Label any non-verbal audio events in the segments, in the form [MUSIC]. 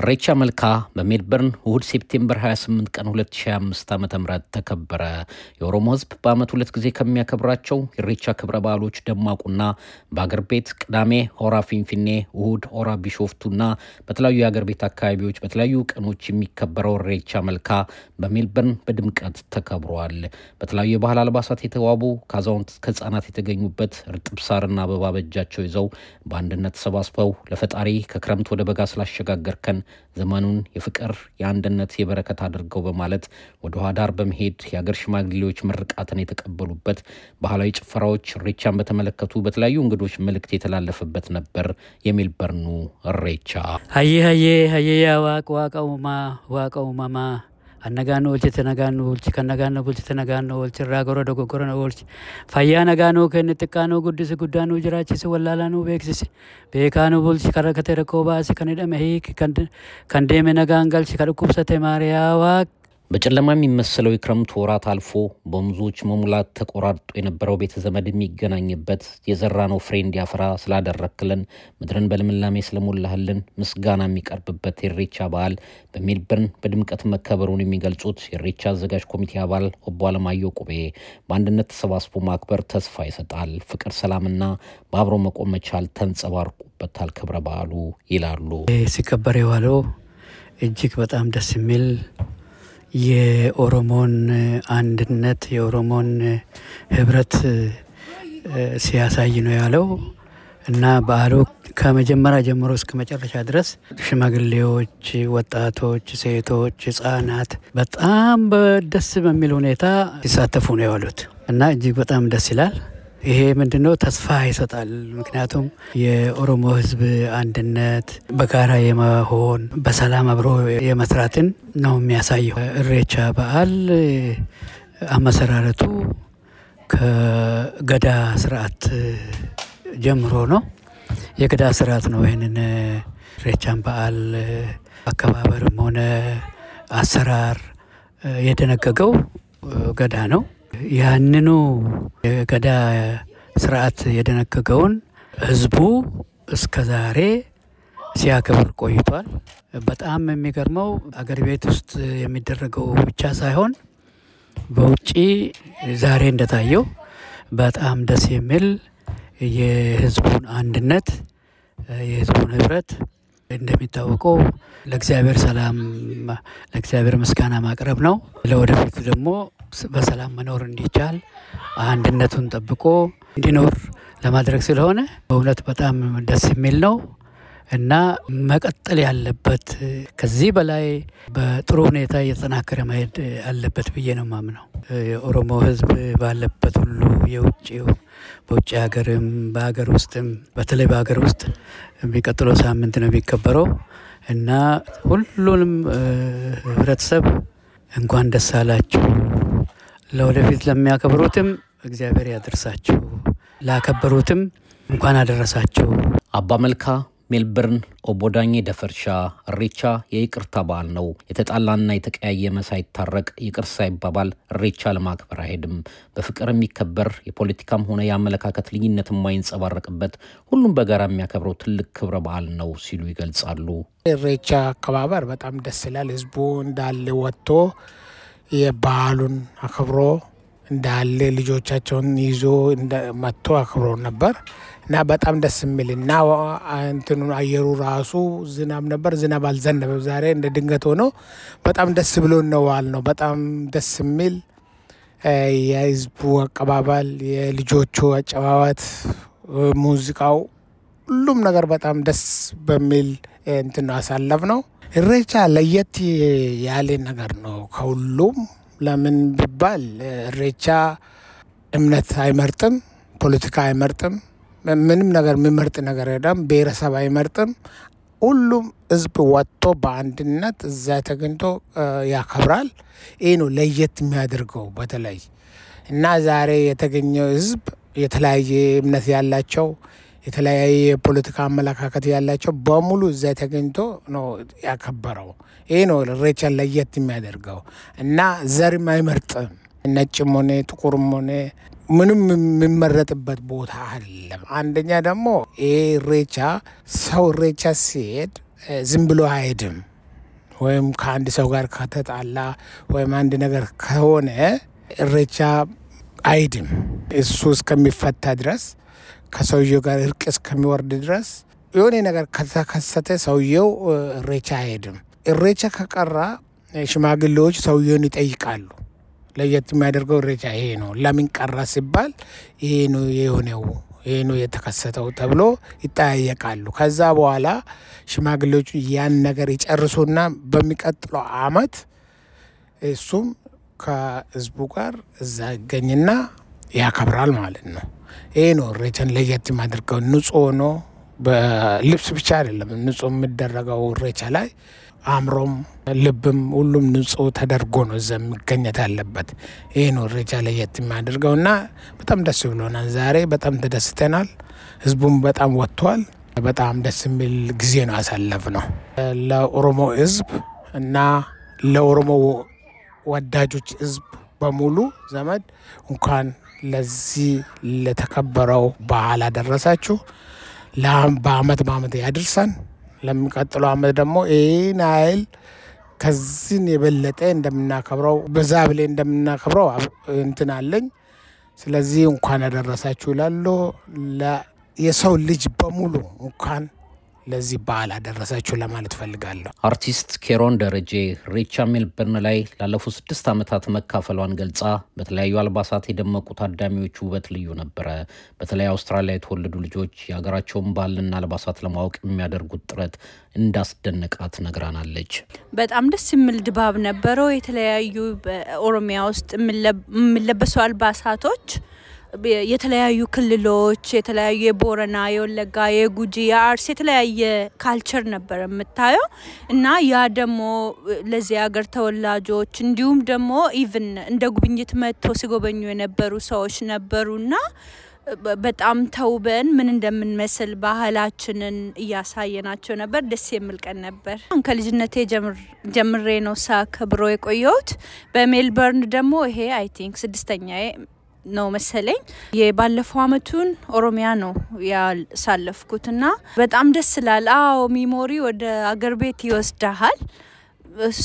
ኢሬቻ መልካ በሜልበርን እሁድ ሴፕቴምበር 28 ቀን 2025 ዓ ም ተከበረ። የኦሮሞ ህዝብ በአመት ሁለት ጊዜ ከሚያከብራቸው የሬቻ ክብረ በዓሎች ደማቁና በአገር ቤት ቅዳሜ ሆራ ፊንፊኔ፣ እሁድ ሆራ ቢሾፍቱና በተለያዩ የአገር ቤት አካባቢዎች በተለያዩ ቀኖች የሚከበረው ኢሬቻ መልካ በሜልበርን በድምቀት ተከብሯል። በተለያዩ የባህል አልባሳት የተዋቡ ከአዛውንት ከህፃናት የተገኙበት እርጥብ ሳርና አበባ በእጃቸው ይዘው በአንድነት ተሰባስበው ለፈጣሪ ከክረምት ወደ በጋ ስላሸጋገርከን ዘመኑን የፍቅር የአንድነት፣ የበረከት አድርገው በማለት ወደ ኋዳር በመሄድ የአገር ሽማግሌዎች ምርቃትን የተቀበሉበት ባህላዊ ጭፈራዎች፣ እሬቻን በተመለከቱ በተለያዩ እንግዶች መልእክት የተላለፈበት ነበር። የሜልበርኑ እሬቻ ሀዬ ሀዬ ሀዬ ዋቅ ዋቀውማ ዋቀውማማ nagaan oolchite nagaan nu oolchi kan nagaan na bulchite nagaan olchi oolchi irraa goro dogoggora na oolchi fayyaa nagaa nuu kenne xiqqaa nuu guddise guddaa nu jiraachisi wallaalaa nu beeksise beekaa nu bulchi kan rakkate rakkoo baase kan hidhame hiiki kan deeme nagaan galchi ka dhukkubsate maariyaa በጨለማ የሚመስለው የክረምት ወራት አልፎ በሙዞች መሙላት ተቆራርጦ የነበረው ቤተ ዘመድ የሚገናኝበት የዘራነው ፍሬ እንዲያፈራ ስላደረክልን ምድርን በልምላሜ ስለሞላህልን ምስጋና የሚቀርብበት የሬቻ በዓል በሜልበርን በድምቀት መከበሩን የሚገልጹት የሬቻ አዘጋጅ ኮሚቴ አባል ኦቦ አለማየሁ ቁቤ በአንድነት ተሰባስቦ ማክበር ተስፋ ይሰጣል፣ ፍቅር ሰላምና በአብሮ መቆም መቻል ተንጸባርቁበታል ክብረ በዓሉ ይላሉ። ሲከበር የዋለው እጅግ በጣም ደስ የሚል የኦሮሞን አንድነት የኦሮሞን ህብረት ሲያሳይ ነው ያለው እና በዓሉ ከመጀመሪያ ጀምሮ እስከ መጨረሻ ድረስ ሽማግሌዎች፣ ወጣቶች፣ ሴቶች፣ ህጻናት በጣም ደስ በሚል ሁኔታ ሲሳተፉ ነው ያሉት እና እጅግ በጣም ደስ ይላል። ይሄ ምንድነው ተስፋ ይሰጣል። ምክንያቱም የኦሮሞ ህዝብ አንድነት በጋራ የመሆን በሰላም አብሮ የመስራትን ነው የሚያሳየው። እሬቻ በዓል አመሰራረቱ ከገዳ ስርዓት ጀምሮ ነው። የገዳ ስርዓት ነው ይህንን ሬቻን በዓል አከባበርም ሆነ አሰራር የደነገገው ገዳ ነው። ያንኑ የገዳ ስርዓት የደነገገውን ህዝቡ እስከ ዛሬ ሲያከብር ቆይቷል። በጣም የሚገርመው አገር ቤት ውስጥ የሚደረገው ብቻ ሳይሆን በውጭ ዛሬ እንደታየው በጣም ደስ የሚል የህዝቡን አንድነት፣ የህዝቡን ህብረት እንደሚታወቀው ለእግዚአብሔር ሰላም፣ ለእግዚአብሔር ምስጋና ማቅረብ ነው። ለወደፊቱ ደግሞ በሰላም መኖር እንዲቻል አንድነቱን ጠብቆ እንዲኖር ለማድረግ ስለሆነ በእውነት በጣም ደስ የሚል ነው እና መቀጠል ያለበት ከዚህ በላይ በጥሩ ሁኔታ እየተጠናከረ መሄድ አለበት ብዬ ነው ማምነው። የኦሮሞ ሕዝብ ባለበት ሁሉ የውጭው በውጭ ሀገርም በሀገር ውስጥም በተለይ በሀገር ውስጥ የሚቀጥለው ሳምንት ነው የሚከበረው እና ሁሉንም ህብረተሰብ እንኳን ደስ አላችሁ ለወደፊት ለሚያከብሩትም እግዚአብሔር ያደርሳችሁ፣ ላከበሩትም እንኳን አደረሳችሁ። አባ መልካ ሜልበርን ኦቦዳኜ ደፈርሻ እሬቻ የይቅርታ በዓል ነው። የተጣላና የተቀያየመ ሳይታረቅ ይቅር ሳይባባል እሬቻ ለማክበር አይሄድም። በፍቅር የሚከበር የፖለቲካም ሆነ የአመለካከት ልዩነት የማይንጸባረቅበት ሁሉም በጋራ የሚያከብረው ትልቅ ክብረ በዓል ነው ሲሉ ይገልጻሉ። እሬቻ አከባበር በጣም ደስ ይላል። ህዝቡ እንዳለ ወጥቶ የበዓሉን አክብሮ እንዳለ ልጆቻቸውን ይዞ መጥቶ አክብሮ ነበር እና በጣም ደስ የሚል እና እንትኑ አየሩ ራሱ ዝናብ ነበር። ዝናብ አልዘነበም ዛሬ እንደ ድንገት ሆኖ በጣም ደስ ብሎ ነዋል ነው። በጣም ደስ የሚል የህዝቡ አቀባበል፣ የልጆቹ አጨባባት ሙዚቃው፣ ሁሉም ነገር በጣም ደስ በሚል እንትን አሳለፍ ነው። እሬቻ ለየት ያለ ነገር ነው ከሁሉም። ለምን ቢባል እሬቻ እምነት አይመርጥም፣ ፖለቲካ አይመርጥም፣ ምንም ነገር የሚመርጥ ነገር የለም። ብሔረሰብ አይመርጥም። ሁሉም ህዝብ ወጥቶ በአንድነት እዛ ተገኝቶ ያከብራል። ይህ ነው ለየት የሚያደርገው በተለይ እና ዛሬ የተገኘው ህዝብ የተለያየ እምነት ያላቸው የተለያየ የፖለቲካ አመለካከት ያላቸው በሙሉ እዛ ተገኝቶ ነው ያከበረው። ይህ ነው ኢሬቻን ለየት የሚያደርገው እና ዘርም አይመርጥም። ነጭም ሆነ ጥቁርም ሆነ ምንም የሚመረጥበት ቦታ አለም። አንደኛ ደግሞ ይሄ ኢሬቻ ሰው ኢሬቻ ሲሄድ ዝም ብሎ አይሄድም። ወይም ከአንድ ሰው ጋር ከተጣላ ወይም አንድ ነገር ከሆነ ኢሬቻ አይድም። እሱ እስከሚፈታ ድረስ ከሰውየው ጋር እርቅ እስከሚወርድ ድረስ የሆነ ነገር ከተከሰተ ሰውየው እሬቻ አይሄድም። እሬቻ ከቀራ ሽማግሌዎች ሰውየውን ይጠይቃሉ። ለየት የሚያደርገው እሬቻ ይሄ ነው፣ ለምን ቀራ ሲባል ይሄ ነው የሆነው፣ ይሄ ነው የተከሰተው ተብሎ ይጠያየቃሉ። ከዛ በኋላ ሽማግሌዎቹ ያን ነገር ይጨርሱና በሚቀጥለው አመት እሱም ከህዝቡ ጋር እዛ ይገኝና ያከብራል ማለት ነው። ይሄ ነው እሬቻን ለየት የሚያደርገው። ንጹህ ሆኖ በልብስ ብቻ አይደለም ንጹህ የሚደረገው እሬቻ ላይ አእምሮም፣ ልብም ሁሉም ንጹህ ተደርጎ ነው እዛ መገኘት አለበት። ይሄ ነው እሬቻ ለየት የሚያደርገው እና በጣም ደስ ብሎናል። ዛሬ በጣም ተደስተናል። ህዝቡም በጣም ወጥቷል። በጣም ደስ የሚል ጊዜ ነው ያሳለፍ ነው ለኦሮሞ ህዝብ እና ለኦሮሞ ወዳጆች ህዝብ በሙሉ ዘመድ እንኳን ለዚህ ለተከበረው በዓል አደረሳችሁ። በአመት በአመት ያድርሰን። ለሚቀጥለው አመት ደግሞ ይህን አይል ከዚህን የበለጠ እንደምናከብረው በዛ ብሌ እንደምናከብረው እንትን አለኝ። ስለዚህ እንኳን ያደረሳችሁ ይላሉ። የሰው ልጅ በሙሉ እንኳን ለዚህ በዓል አደረሳችሁ ለማለት ፈልጋለሁ። አርቲስት ኬሮን ደረጄ ሬቻ ሜልበርን ላይ ላለፉት ስድስት ዓመታት መካፈሏን ገልጻ በተለያዩ አልባሳት የደመቁ ታዳሚዎች ውበት ልዩ ነበረ። በተለይ አውስትራሊያ የተወለዱ ልጆች የሀገራቸውን ባህልና አልባሳት ለማወቅ የሚያደርጉት ጥረት እንዳስደነቃት ነግራናለች። በጣም ደስ የሚል ድባብ ነበረው። የተለያዩ በኦሮሚያ ውስጥ የሚለበሱ አልባሳቶች የተለያዩ ክልሎች የተለያዩ የቦረና፣ የወለጋ፣ የጉጂ፣ የአርስ የተለያየ ካልቸር ነበር የምታየው እና ያ ደግሞ ለዚህ ሀገር ተወላጆች እንዲሁም ደግሞ ኢቭን እንደ ጉብኝት መጥቶ ሲጎበኙ የነበሩ ሰዎች ነበሩና በጣም ተውበን ምን እንደምንመስል ባህላችንን እያሳየናቸው ነበር። ደስ የሚል ቀን ነበር። ከልጅነቴ ጀምሬ ነው ሳከብሮ የቆየሁት። በሜልበርን ደግሞ ይሄ አይ ቲንክ ስድስተኛ ነው መሰለኝ። የባለፈው አመቱን ኦሮሚያ ነው ያሳለፍኩት እና በጣም ደስ ይላል። አዎ ሚሞሪ ወደ አገር ቤት ይወስዳሃል።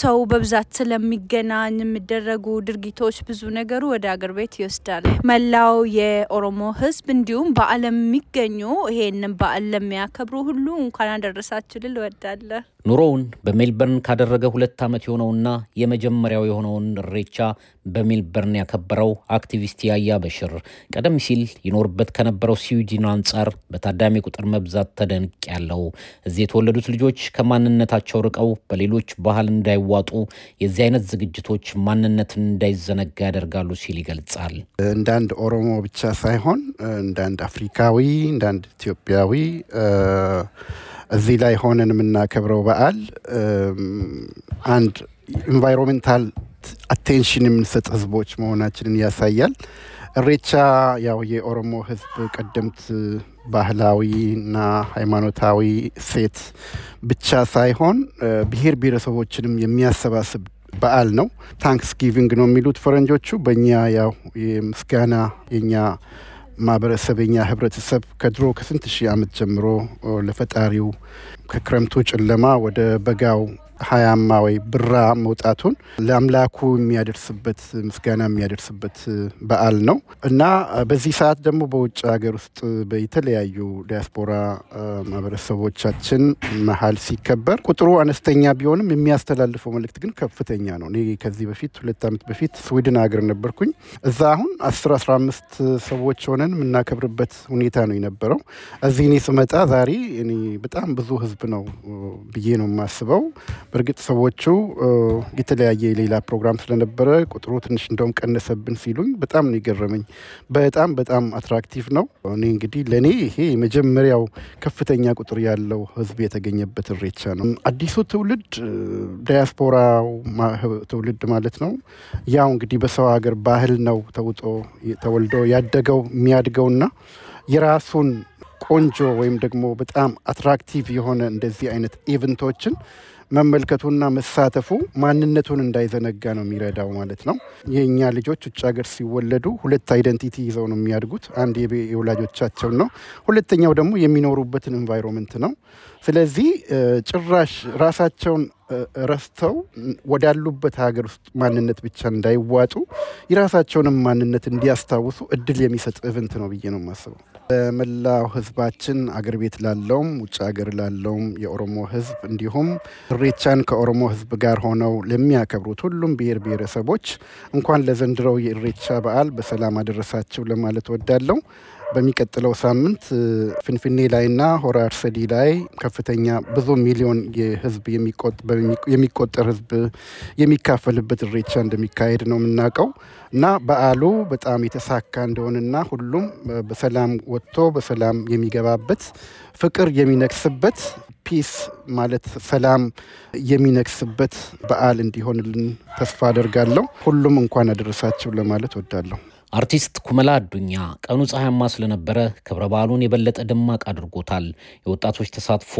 ሰው በብዛት ስለሚገናኝ የሚደረጉ ድርጊቶች ብዙ ነገሩ ወደ አገር ቤት ይወስዳል። መላው የኦሮሞ ሕዝብ እንዲሁም በዓለም የሚገኙ ይሄንን በዓል ለሚያከብሩ ሁሉ እንኳን አደረሳችሁ ልል እወዳለሁ። ኑሮውን በሜልበርን ካደረገ ሁለት ዓመት የሆነውና የመጀመሪያው የሆነውን እሬቻ በሜልበርን ያከበረው አክቲቪስት ያያ በሽር ቀደም ሲል ይኖርበት ከነበረው ስዊድን አንጻር በታዳሚ ቁጥር መብዛት ተደንቅ ያለው እዚህ የተወለዱት ልጆች ከማንነታቸው ርቀው በሌሎች ባህል እንዳይዋጡ የዚህ አይነት ዝግጅቶች ማንነትን እንዳይዘነጋ ያደርጋሉ ሲል ይገልጻል። እንዳንድ ኦሮሞ ብቻ ሳይሆን እንዳንድ አፍሪካዊ፣ እንዳንድ ኢትዮጵያዊ እዚህ ላይ ሆነን የምናከብረው በዓል አንድ ኢንቫይሮሜንታል አቴንሽን የምንሰጥ ህዝቦች መሆናችንን ያሳያል። እሬቻ ያው የኦሮሞ ህዝብ ቀደምት ባህላዊና ሃይማኖታዊ እሴት ብቻ ሳይሆን ብሔር ብሔረሰቦችንም የሚያሰባስብ በዓል ነው። ታንክስ ጊቪንግ ነው የሚሉት ፈረንጆቹ። በእኛ ያው የምስጋና የኛ ማሕበረሰበኛ ሕብረተሰብ ከድሮ ከስንት ሺህ ዓመት ጀምሮ ለፈጣሪው ከክረምቱ ጨለማ ወደ በጋው ሀያማ ወይ ብራ መውጣቱን ለአምላኩ የሚያደርስበት ምስጋና የሚያደርስበት በዓል ነው እና በዚህ ሰዓት ደግሞ በውጭ ሀገር ውስጥ በተለያዩ ዲያስፖራ ማህበረሰቦቻችን መሀል ሲከበር ቁጥሩ አነስተኛ ቢሆንም የሚያስተላልፈው መልእክት ግን ከፍተኛ ነው። እኔ ከዚህ በፊት ሁለት ዓመት በፊት ስዊድን ሀገር ነበርኩኝ። እዛ አሁን አስር አስራ አምስት ሰዎች ሆነን የምናከብርበት ሁኔታ ነው የነበረው። እዚህ እኔ ስመጣ ዛሬ እኔ በጣም ብዙ ህዝብ ነው ብዬ ነው የማስበው። በእርግጥ ሰዎቹ የተለያየ የሌላ ፕሮግራም ስለነበረ ቁጥሩ ትንሽ እንደውም ቀነሰብን ሲሉኝ በጣም ነው የገረመኝ። በጣም በጣም አትራክቲቭ ነው። እኔ እንግዲህ ለእኔ ይሄ የመጀመሪያው ከፍተኛ ቁጥር ያለው ህዝብ የተገኘበት እሬቻ ነው። አዲሱ ትውልድ ዳያስፖራ ትውልድ ማለት ነው። ያው እንግዲህ በሰው ሀገር ባህል ነው ተውጦ ተወልዶ ያደገው የሚያድገውና የራሱን ቆንጆ ወይም ደግሞ በጣም አትራክቲቭ የሆነ እንደዚህ አይነት ኢቨንቶችን መመልከቱና መሳተፉ ማንነቱን እንዳይዘነጋ ነው የሚረዳው ማለት ነው። የእኛ ልጆች ውጭ ሀገር ሲወለዱ ሁለት አይደንቲቲ ይዘው ነው የሚያድጉት። አንድ የወላጆቻቸውን ነው፣ ሁለተኛው ደግሞ የሚኖሩበትን ኤንቫይሮንመንት ነው። ስለዚህ ጭራሽ ራሳቸውን ረስተው ወዳሉበት ሀገር ውስጥ ማንነት ብቻ እንዳይዋጡ የራሳቸውንም ማንነት እንዲያስታውሱ እድል የሚሰጥ ኢቨንት ነው ብዬ ነው የማስበው። በመላው ህዝባችን አገር ቤት ላለውም ውጭ ሀገር ላለውም የኦሮሞ ህዝብ እንዲሁም እሬቻን ከኦሮሞ ህዝብ ጋር ሆነው ለሚያከብሩት ሁሉም ብሔር ብሔረሰቦች እንኳን ለዘንድሮው የእሬቻ በዓል በሰላም አደረሳችሁ ለማለት ወዳለው በሚቀጥለው ሳምንት ፍንፍኔ ላይና ሆራ አርሰዲ ላይ ከፍተኛ ብዙ ሚሊዮን የህዝብ የሚቆጠር ህዝብ የሚካፈልበት እሬቻ እንደሚካሄድ ነው የምናውቀው እና በዓሉ በጣም የተሳካ እንደሆነና ሁሉም በሰላም ወጥቶ በሰላም የሚገባበት ፍቅር የሚነግስበት ፒስ ማለት ሰላም የሚነግስበት በዓል እንዲሆንልን ተስፋ አደርጋለሁ። ሁሉም እንኳን አደረሳችሁ ለማለት ወዳለሁ። አርቲስት ኩመላ አዱኛ ቀኑ ፀሐያማ ስለነበረ ክብረ በዓሉን የበለጠ ደማቅ አድርጎታል። የወጣቶች ተሳትፎ፣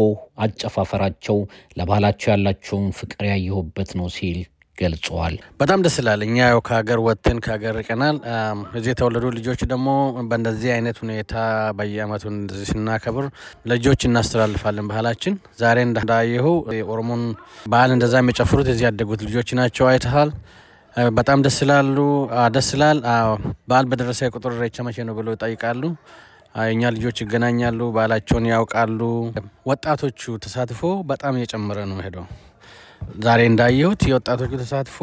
አጨፋፈራቸው ለባህላቸው ያላቸውን ፍቅር ያየሁበት ነው ሲል ገልጸዋል። በጣም ደስ ይላል። እኛ ያው ከሀገር ወጥተን ከሀገር ርቀናል። እዚህ የተወለዱ ልጆች ደግሞ በእንደዚህ አይነት ሁኔታ በየአመቱ እንደዚህ ስናከብር ልጆች እናስተላልፋለን ባህላችን። ዛሬ እንዳየሁ የኦሮሞን ባህል እንደዛ የሚጨፍሩት እዚህ ያደጉት ልጆች ናቸው። አይተሃል በጣም ደስ ላሉ ደስ ይላል። በዓል በደረሰ ቁጥር ኢሬቻ መቼ ነው ብሎ ይጠይቃሉ። እኛ ልጆች ይገናኛሉ፣ በዓላቸውን ያውቃሉ። ወጣቶቹ ተሳትፎ በጣም እየጨመረ ነው ሄደው ዛሬ እንዳየሁት የወጣቶቹ ተሳትፎ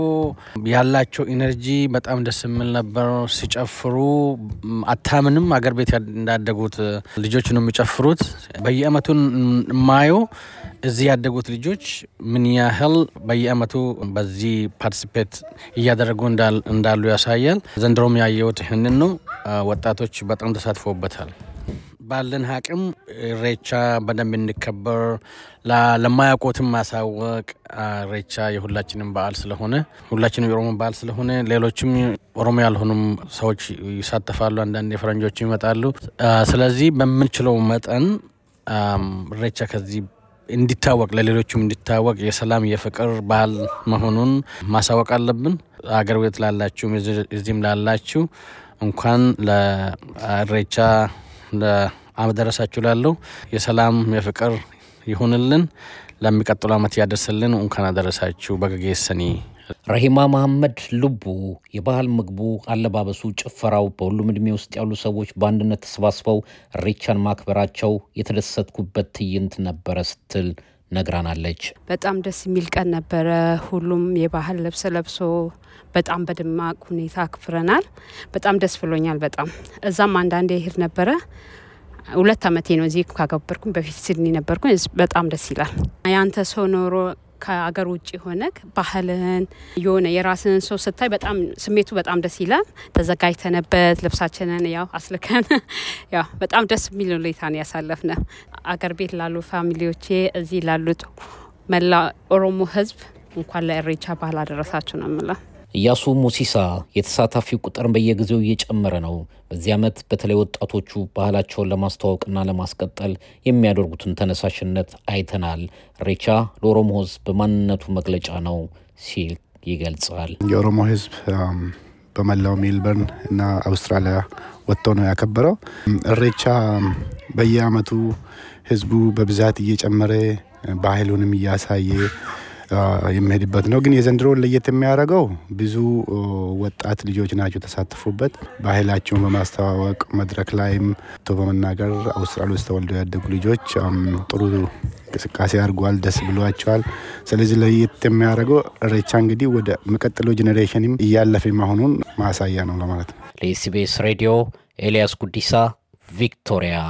ያላቸው ኢነርጂ በጣም ደስ የሚል ነበር። ሲጨፍሩ አታምንም። አገር ቤት እንዳደጉት ልጆች ነው የሚጨፍሩት። በየአመቱን የማየው እዚህ ያደጉት ልጆች ምን ያህል በየአመቱ በዚህ ፓርቲስፔት እያደረጉ እንዳሉ ያሳያል። ዘንድሮም ያየሁት ይህንን ነው። ወጣቶች በጣም ተሳትፎበታል። ባለን አቅም ሬቻ በደንብ እንከበር ለማያውቁትም ማሳወቅ። ሬቻ የሁላችንም በዓል ስለሆነ ሁላችንም የኦሮሞ በዓል ስለሆነ ሌሎችም ኦሮሞ ያልሆኑም ሰዎች ይሳተፋሉ። አንዳንድ የፈረንጆች ይመጣሉ። ስለዚህ በምንችለው መጠን ሬቻ ከዚህ እንዲታወቅ ለሌሎችም እንዲታወቅ የሰላም የፍቅር ባህል መሆኑን ማሳወቅ አለብን። አገር ቤት ላላችሁ እዚህም ላላችሁ እንኳን ለሬቻ አደረሳችሁ ላለሁ የሰላም የፍቅር ይሁንልን። ለሚቀጥሉ ዓመት ያደርስልን። እንኳን አደረሳችሁ። በገጌሰኒ ረሂማ መሐመድ ልቡ የባህል ምግቡ፣ አለባበሱ፣ ጭፈራው በሁሉም ዕድሜ ውስጥ ያሉ ሰዎች በአንድነት ተሰባስበው ሬቻን ማክበራቸው የተደሰትኩበት ትዕይንት ነበረ ስትል ነግራናለች። በጣም ደስ የሚል ቀን ነበረ። ሁሉም የባህል ልብስ ለብሶ በጣም በደማቅ ሁኔታ አክብረናል። በጣም ደስ ብሎኛል። በጣም እዛም አንዳንዴ ይሄድ ነበረ ሁለት አመቴ ነው እዚህ ካገበርኩኝ በፊት ሲድኒ ነበርኩኝ። በጣም ደስ ይላል። ያንተ ሰው ኖሮ ከአገር ውጭ ሆነ ባህልን የሆነ የራስን ሰው ስታይ በጣም ስሜቱ በጣም ደስ ይላል። ተዘጋጅተንበት ልብሳችንን ያው አስልከን [LAUGHS] ያው በጣም ደስ የሚል ሁኔታ ነው ያሳለፍነ። አገር ቤት ላሉ ፋሚሊዎቼ፣ እዚህ ላሉት መላ ኦሮሞ ህዝብ እንኳን ለእሬቻ ባህል አደረሳችሁ ነው የምለው። እያሱ ሙሲሳ የተሳታፊው ቁጥር በየጊዜው እየጨመረ ነው። በዚህ ዓመት በተለይ ወጣቶቹ ባህላቸውን ለማስተዋወቅና ለማስቀጠል የሚያደርጉትን ተነሳሽነት አይተናል። ሬቻ ለኦሮሞ ሕዝብ በማንነቱ መግለጫ ነው ሲል ይገልጻል። የኦሮሞ ሕዝብ በመላው ሜልበርን እና አውስትራሊያ ወጥቶ ነው ያከበረው። እሬቻ በየአመቱ ህዝቡ በብዛት እየጨመረ ባህሉንም እያሳየ የሚሄድበት ነው። ግን የዘንድሮውን ለየት የሚያደርገው ብዙ ወጣት ልጆች ናቸው ተሳተፉበት። ባህላቸውን በማስተዋወቅ መድረክ ላይም ቶ በመናገር አውስትራሊያ ውስጥ ተወልደው ያደጉ ልጆች ጥሩ እንቅስቃሴ አድርጓል። ደስ ብሏቸዋል። ስለዚህ ለየት የሚያደርገው ኢሬቻ እንግዲህ ወደ መቀጥለው ጄኔሬሽንም እያለፈ መሆኑን ማሳያ ነው ለማለት ነው። ለኤስቢኤስ ሬዲዮ ኤልያስ ጉዲሳ ቪክቶሪያ